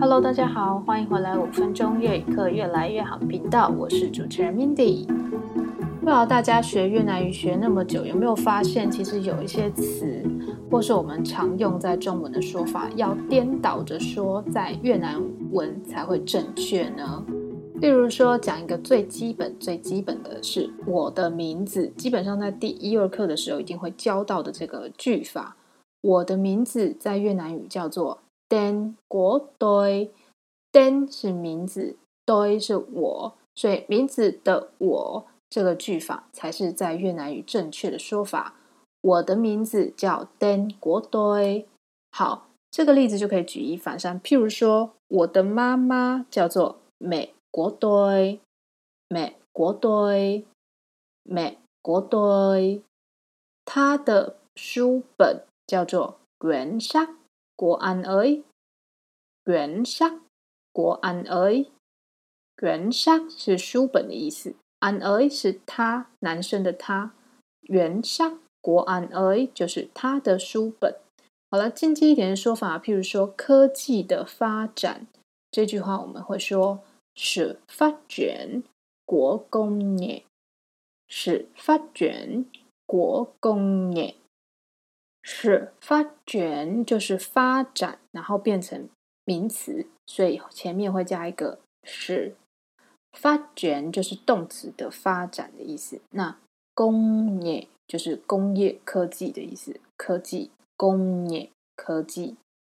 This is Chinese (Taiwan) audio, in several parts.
Hello，大家好，歡迎回來《五分鐘越語課》，越來越好頻道，我是主持人 Mindy。不知道大家學越南語學那麼久，有沒有發現，其實有一些詞，或是我們常用在中文的說法，要顛倒着說，在越南文才會正確呢？例如說，講一個最基本、最基本的是我的名字，基本上在第一二課的時候一定會教到的這個句法。我的名字在越南語叫做。tên của tôi tên 是名字 tôi 是我所以名字的我這個句法才是在越南語正確的說法我的名字叫 tên của tôi 好這個例子就可以舉一反三譬如說我的媽媽叫做 mẹ của tôi mẹ của tôi mẹ của tôi 他的書本叫做 quyển sách 國安ェ元沙，國安ェ元沙是書本的意思。安ェ是他男生的他，元沙國安ェ就是他的書本。好了，進階一點的說法，譬如說科技的發展這句話，我們會說是發展國工業，是發展國工業。是發展就是發展，然後變成名詞，所以前面會加一個是發展，就是動詞的發展的意思。那工業就是工業科技的意思，科技、工業科技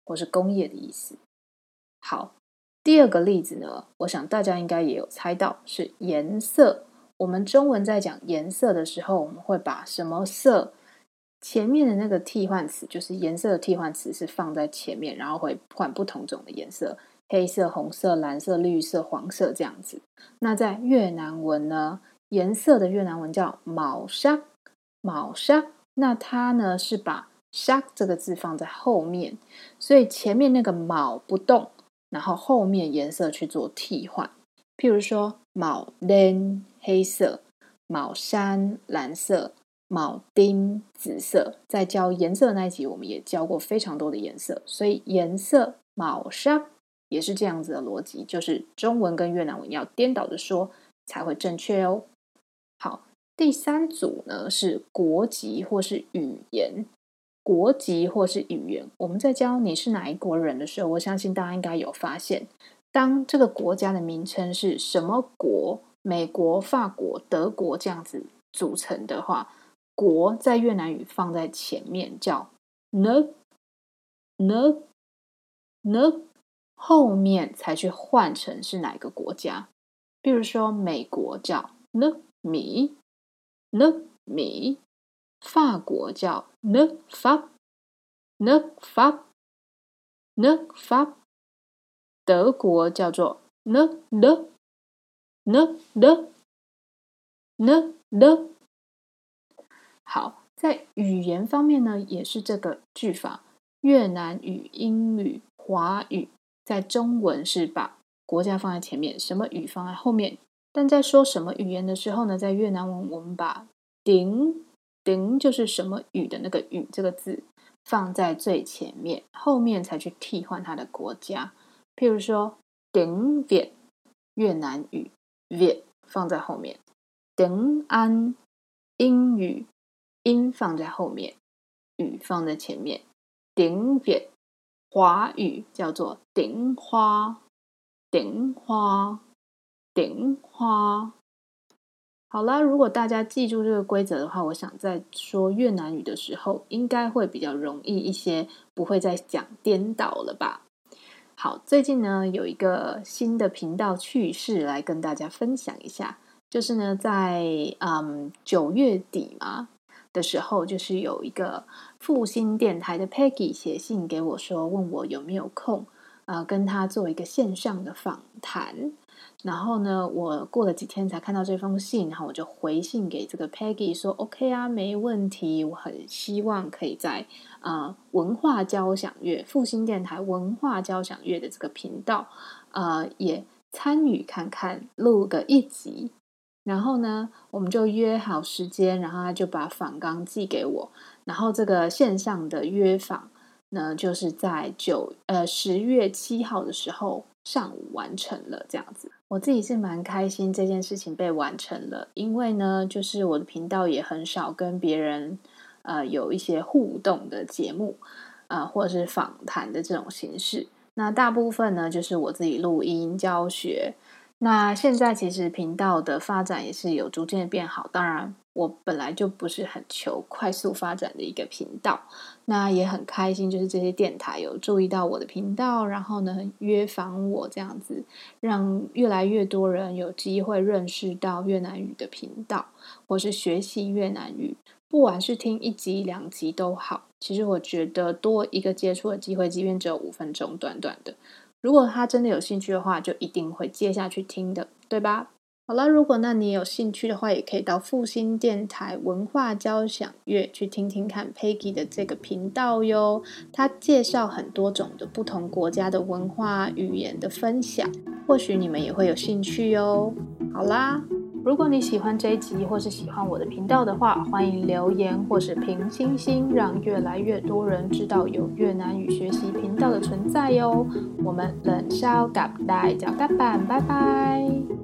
或是工業的意思。好，第二個例子呢，我想大家應該也有猜到是顏色。我們中文在講顏色的時候，我們會把什麼色？前面的那個替換詞，就是顏色的替換詞，是放在前面，然後會換不同種的顏色：黑色、紅色、藍色、綠色、黃色這樣子。那在越南文呢，顏色的越南文叫 màu sắc，màu sắc，那它呢是把 sắc 這個字放在後面，所以前面那個 màu 不動，然後後面顏色去做替換。譬如說 màu đen 黑色 màu xanh，藍色。màu tím 紫色，在教顏色的那一集，我們也教過非常多的顏色，所以顏色 màu sắc 也是這樣子的邏輯，就是中文跟越南文要顛倒着說才會正確哦。好，第三組呢是國籍或是語言，國籍或是語言，我們在教你是哪一國人的時候，我相信大家應該有發現，當這個國家的名稱是什麼國，美國、法國、德國這樣子組成的話。國在越南語放在前面叫 nước，nước，nước，後面才去換成是哪個國家。比如說美國叫 nước Mỹ，nước Mỹ；法國叫 nước Pháp, nước Pháp, nước Pháp，德國叫做 nước Đức，nước Đức，nước Đức。好，在語言方面呢，也是這個句法。越南語、英語、華語，在中文是把國家放在前面，什麼語放在後面。但在說什麼語言的時候呢，在越南文，我們把頂頂就是什麼語的那個語這個字放在最前面，後面才去替換它的國家。譬如說頂點越南語 Việt 放在後面，頂安英語。音放在後面，語放在前面。頂點，點，華語叫做頂花，頂花，頂花。好啦，如果大家記住這個規則的話，我想在說越南語的時候，應該會比較容易一些，不會再講顛倒了吧？好，最近呢，有一個新的頻道趣事來跟大家分享一下，就是呢，在嗯九月底嘛，的時候，就是有一個復興電台的 Peggy 寫信給我說，問我有沒有空，呃，跟他做一個線上的訪談。然後呢，我過了幾天才看到這封信，然後我就回信給這個 Peggy 說：“OK 啊，沒問題，我很希望可以在呃文化交響樂復興電台文化交響樂的這個頻道，呃，也參與看看錄個一集。”然後呢，我們就約好時間，然後他就把訪綱寄給我。然後這個線上的約訪呢，就是在九呃十月七號的時候上午完成了這樣子。我自己是蠻開心這件事情被完成了，因為呢，就是我的頻道也很少跟別人呃有一些互動的節目啊、呃，或者是訪談的這種形式。那大部分呢，就是我自己錄音教學。那現在其實頻道的發展也是有逐漸的變好，當然我本來就不是很求快速發展的一個頻道，那也很開心，就是這些電台有注意到我的頻道，然後呢，約訪我這樣子，讓越來越多人有機會認識到越南語的頻道，或是學習越南語，不管是聽一集兩集都好，其實我覺得多一個接觸的機會，即便只有五分鐘，短短的。如果他真的有興趣的話，就一定會接下去聽的，對吧？好了，如果那你有興趣的話，也可以到復興電台文化交響樂去聽聽看 Peggy 的這個頻道喲。他介紹很多種的不同國家的文化語言的分享，或許你們也會有興趣喲。好啦。如果你喜歡這一集，或是喜歡我的頻道的話，歡迎留言或是評星星，讓越來越多人知道有越南語學習頻道的存在喲、哦。我們冷笑敢待，叫大板，拜拜。